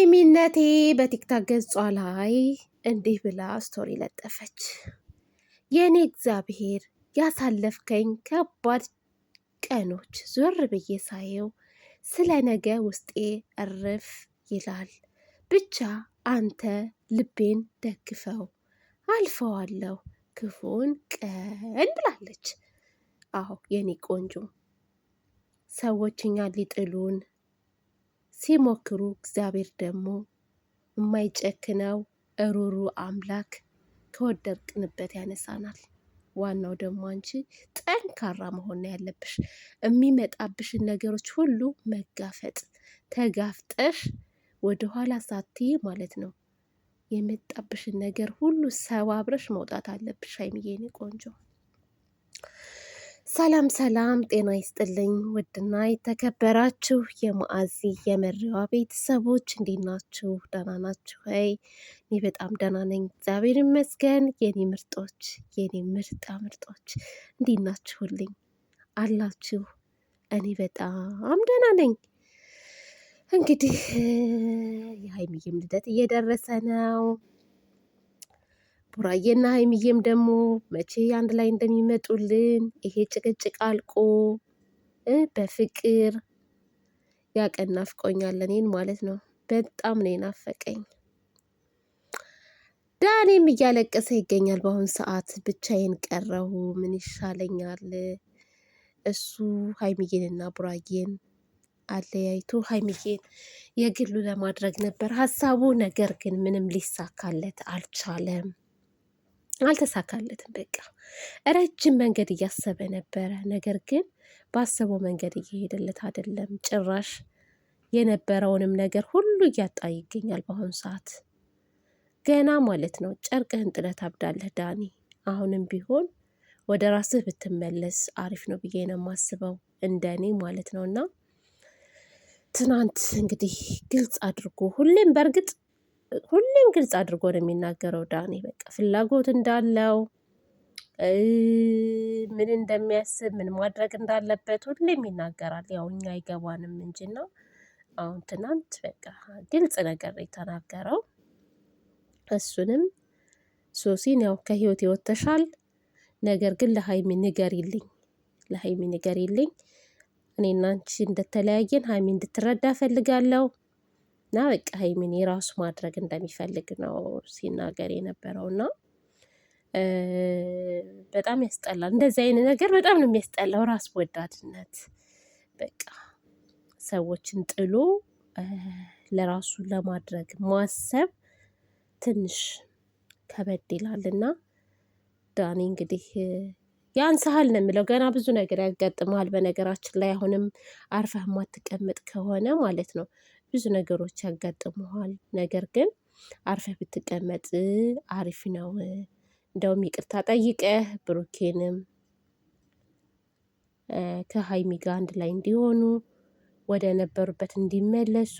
ሀይሚነቴ በቲክታክ ገጿ ላይ እንዲህ ብላ ስቶሪ ለጠፈች። የእኔ እግዚአብሔር ያሳለፍከኝ ከባድ ቀኖች ዞር ብዬ ሳየው ስለ ነገ ውስጤ እርፍ ይላል። ብቻ አንተ ልቤን ደግፈው አልፈዋለሁ ክፉን ቀን ብላለች። አዎ የኔ ቆንጆ ሰዎች እኛን ሊጥሉን ሲሞክሩ እግዚአብሔር ደግሞ የማይጨክነው እሩሩ አምላክ ከወደቅንበት ያነሳናል። ዋናው ደግሞ አንቺ ጠንካራ መሆን ያለብሽ። የሚመጣብሽን ነገሮች ሁሉ መጋፈጥ፣ ተጋፍጠሽ ወደኋላ ሳትይ ማለት ነው። የመጣብሽን ነገር ሁሉ ሰባብረሽ መውጣት አለብሽ። ሀይሚዬ የኔ ቆንጆ ሰላም ሰላም፣ ጤና ይስጥልኝ ውድና የተከበራችሁ የማአዚ የመሪዋ ቤተሰቦች እንዴት ናችሁ? ደህና ናችሁ ወይ? እኔ በጣም ደህና ነኝ፣ እግዚአብሔር ይመስገን። የኔ ምርጦች፣ የኔ ምርጣ ምርጦች እንዴት ናችሁልኝ? አላችሁ? እኔ በጣም ደህና ነኝ። እንግዲህ የሀይሚዬም ልደት እየደረሰ ነው። ቡራዬና ሀይሚዬም ደግሞ መቼ አንድ ላይ እንደሚመጡልን ይሄ ጭቅጭቅ አልቆ በፍቅር ያቀን ናፍቆኛል፣ እኔን ማለት ነው። በጣም ነው የናፈቀኝ። ዳኔም እያለቀሰ ይገኛል በአሁን ሰዓት። ብቻዬን ቀረሁ ምን ይሻለኛል? እሱ ሀይሚዬንና ቡራዬን አለያይቶ ሀይሚዬን የግሉ ለማድረግ ነበር ሀሳቡ። ነገር ግን ምንም ሊሳካለት አልቻለም። አልተሳካለትም። በቃ ረጅም መንገድ እያሰበ ነበረ። ነገር ግን ባሰበው መንገድ እየሄደለት አይደለም። ጭራሽ የነበረውንም ነገር ሁሉ እያጣ ይገኛል በአሁኑ ሰዓት። ገና ማለት ነው ጨርቅህን ጥለህ ታብዳለህ ዳኒ። አሁንም ቢሆን ወደ ራስህ ብትመለስ አሪፍ ነው ብዬ ነው የማስበው፣ እንደ እኔ ማለት ነው። እና ትናንት እንግዲህ ግልጽ አድርጎ ሁሌም በእርግጥ ሁሌም ግልጽ አድርጎ ነው የሚናገረው ዳኒ። በቃ ፍላጎት እንዳለው ምን እንደሚያስብ ምን ማድረግ እንዳለበት ሁሌም ይናገራል። ያው እኛ አይገባንም እንጂ ነው። አሁን ትናንት በቃ ግልጽ ነገር የተናገረው እሱንም ሶሲን ያው ከህይወት ይወተሻል፣ ነገር ግን ለሀይሚ ንገሪልኝ፣ ለሀይሚ ንገሪልኝ እኔ እናንቺ እንደተለያየን ሀይሚ እንድትረዳ እፈልጋለሁ እና በቃ ሀይሚን የራሱ ማድረግ እንደሚፈልግ ነው ሲናገር የነበረው እና በጣም ያስጠላል። እንደዚህ አይነት ነገር በጣም ነው የሚያስጠላው፣ ራስ ወዳድነት በቃ ሰዎችን ጥሎ ለራሱ ለማድረግ ማሰብ ትንሽ ከበድ ይላል እና ዳኒ እንግዲህ ያንስሃል ነው የምለው። ገና ብዙ ነገር ያጋጥመሃል። በነገራችን ላይ አሁንም አርፈህ የማትቀመጥ ከሆነ ማለት ነው ብዙ ነገሮች ያጋጥሙሃል። ነገር ግን አርፈህ ብትቀመጥ አሪፍ ነው። እንደውም ይቅርታ ጠይቀህ ብሩኬንም ከሀይሚ ጋር አንድ ላይ እንዲሆኑ ወደ ነበሩበት እንዲመለሱ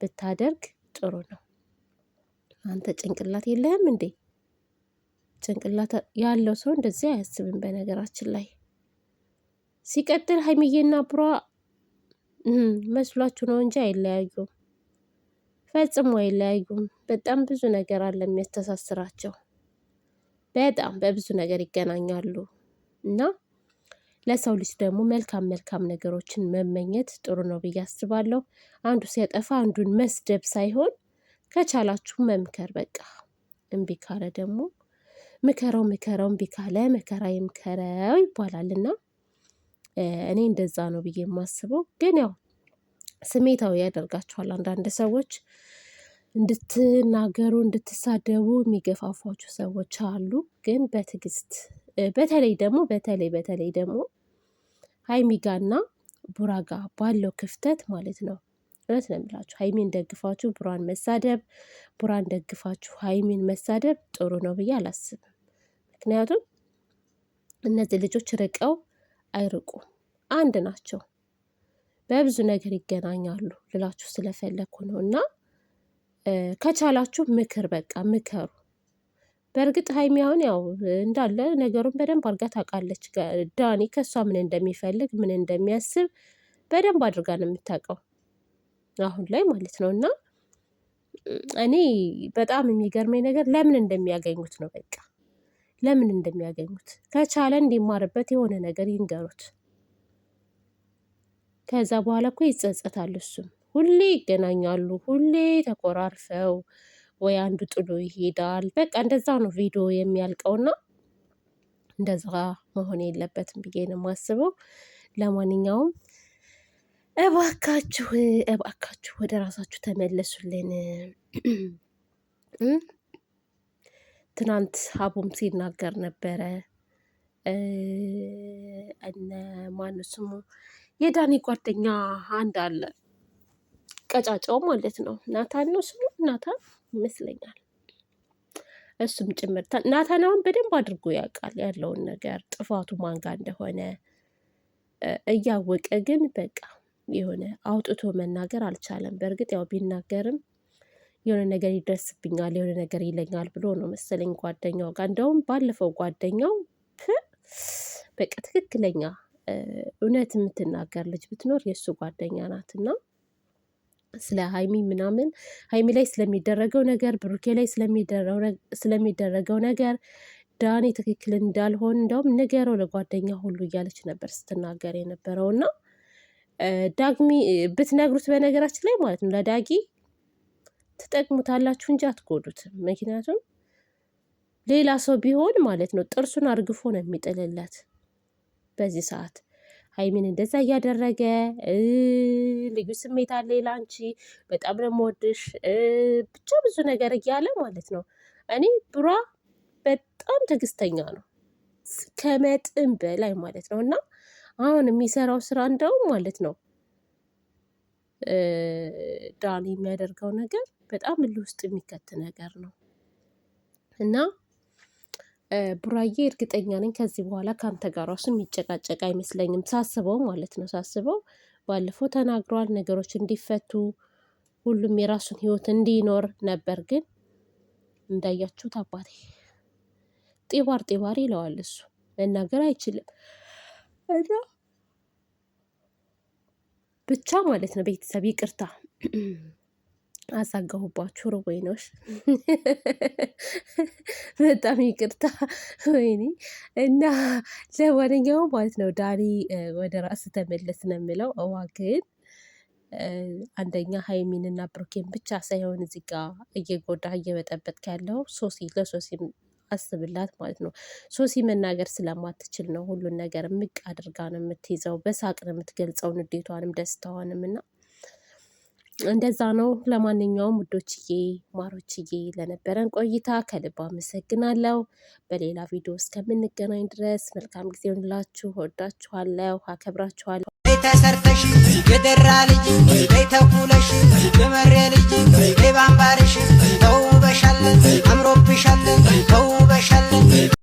ብታደርግ ጥሩ ነው። አንተ ጭንቅላት የለህም እንዴ? ጭንቅላት ያለው ሰው እንደዚህ አያስብም። በነገራችን ላይ ሲቀጥል ሀይሚዬና ብሯ። መስሏችሁ ነው እንጂ አይለያዩም። ፈጽሞ አይለያዩም። በጣም ብዙ ነገር አለ የሚያስተሳስራቸው። በጣም በብዙ ነገር ይገናኛሉ እና ለሰው ልጅ ደግሞ መልካም መልካም ነገሮችን መመኘት ጥሩ ነው ብዬ አስባለሁ። አንዱ ሲያጠፋ አንዱን መስደብ ሳይሆን ከቻላችሁ መምከር በቃ። እምቢ ካለ ደግሞ ምከረው ምከረው እምቢ ካለ መከራ ይምከረው ይባላልና እኔ እንደዛ ነው ብዬ የማስበው ግን ያው ስሜታዊ ያደርጋችኋል አንዳንድ ሰዎች እንድትናገሩ እንድትሳደቡ የሚገፋፏችሁ ሰዎች አሉ። ግን በትዕግስት በተለይ ደግሞ በተለይ በተለይ ደግሞ ሀይሚጋና ቡራጋ ባለው ክፍተት ማለት ነው። እውነት ነው የምላችሁ ሀይሚን ደግፋችሁ ቡራን መሳደብ ቡራን ደግፋችሁ ሀይሚን መሳደብ ጥሩ ነው ብዬ አላስብም። ምክንያቱም እነዚህ ልጆች ርቀው አይርቁ አንድ ናቸው። በብዙ ነገር ይገናኛሉ ልላችሁ ስለፈለኩ ነው። እና ከቻላችሁ ምክር በቃ ምከሩ። በእርግጥ ሀይሚ አሁን ያው እንዳለ ነገሩን በደንብ አድርጋ ታውቃለች። ዳኒ ከእሷ ምን እንደሚፈልግ ምን እንደሚያስብ በደንብ አድርጋ ነው የምታውቀው አሁን ላይ ማለት ነው። እና እኔ በጣም የሚገርመኝ ነገር ለምን እንደሚያገኙት ነው በቃ ለምን እንደሚያገኙት ከቻለ እንዲማርበት የሆነ ነገር ይንገሩት። ከዛ በኋላ እኮ ይጸጸታል። እሱም ሁሌ ይገናኛሉ፣ ሁሌ ተኮራርፈው ወይ አንዱ ጥሎ ይሄዳል። በቃ እንደዛ ነው ቪዲዮ የሚያልቀውና እንደዛ መሆን የለበትም ብዬ ነው የማስበው። ለማንኛውም እባካችሁ እባካችሁ ወደ ራሳችሁ ተመለሱልን። ትናንት አቦም ሲናገር ነበረ። እነ ማነው ስሙ የዳኒ ጓደኛ አንድ አለ ቀጫጫው ማለት ነው። ናታን ነው ስሙ፣ ናታን ይመስለኛል። እሱም ጭምር ናታን አሁን በደንብ አድርጎ ያውቃል ያለውን ነገር ጥፋቱ ማንጋ እንደሆነ እያወቀ ግን በቃ የሆነ አውጥቶ መናገር አልቻለም። በእርግጥ ያው ቢናገርም የሆነ ነገር ይደርስብኛል፣ የሆነ ነገር ይለኛል ብሎ ነው መሰለኝ ጓደኛው ጋር። እንደውም ባለፈው ጓደኛው በቃ ትክክለኛ እውነት የምትናገር ልጅ ብትኖር የእሱ ጓደኛ ናትና ስለ ሀይሚ ምናምን ሀይሚ ላይ ስለሚደረገው ነገር ብሩኬ ላይ ስለሚደረገው ነገር ዳኔ ትክክል እንዳልሆን እንደውም ነገረው ለጓደኛ ሁሉ እያለች ነበር ስትናገር የነበረው እና ዳግሚ ብትነግሩት በነገራችን ላይ ማለት ነው ለዳጊ ትጠቅሙታላችሁ እንጂ አትጎዱት። ምክንያቱም ሌላ ሰው ቢሆን ማለት ነው ጥርሱን አርግፎ ነው የሚጥልለት። በዚህ ሰዓት ሀይሚን እንደዛ እያደረገ ልዩ ስሜት አለ ላንቺ፣ በጣም ነው የምወድሽ፣ ብቻ ብዙ ነገር እያለ ማለት ነው። እኔ ብሯ በጣም ትዕግስተኛ ነው ከመጥን በላይ ማለት ነው። እና አሁን የሚሰራው ስራ እንደውም ማለት ነው ዳኒ የሚያደርገው ነገር በጣም እልህ ውስጥ የሚከት ነገር ነው እና ቡራዬ እርግጠኛ ነኝ ከዚህ በኋላ ከአንተ ጋር ራሱ የሚጨቃጨቅ አይመስለኝም። ሳስበው ማለት ነው ሳስበው ባለፈው ተናግሯል፣ ነገሮች እንዲፈቱ ሁሉም የራሱን ህይወት እንዲኖር ነበር። ግን እንዳያችሁት አባቴ ጤባር ጤባር ይለዋል እሱ መናገር አይችልም እና ብቻ ማለት ነው። ቤተሰብ ይቅርታ አዛጋሁባችሁ። ሮቦይኖች በጣም ይቅርታ ወይኔ። እና ለማንኛውም ማለት ነው ዳኒ ወደ ራስ ተመለስ ነው የምለው። እዋ ግን አንደኛ ሀይሚንና ብሩኬን ብቻ ሳይሆን እዚህ ጋ እየጎዳ እየበጠበጥክ ያለው ሶሲ ለሶሲም አስብላት ማለት ነው። ሶሲ መናገር ስለማትችል ነው ሁሉን ነገር ምቅ አድርጋ ነው የምትይዘው። በሳቅ ነው የምትገልጸው ንዴቷንም ደስታዋንም እና እንደዛ ነው። ለማንኛውም ውዶችዬ ማሮችዬ ለነበረን ቆይታ ከልብ አመሰግናለሁ። በሌላ ቪዲዮ እስከምንገናኝ ድረስ መልካም ጊዜ ሆንላችሁ። ወዳችኋለሁ፣ አከብራችኋለሁ። ተሰርተሽ የደራ ልጅ በይ ተኩለሽ የመሬ ልጅ በይ ባምባርሽ ተውበሻለን አምሮብሻለን ተውበሻለን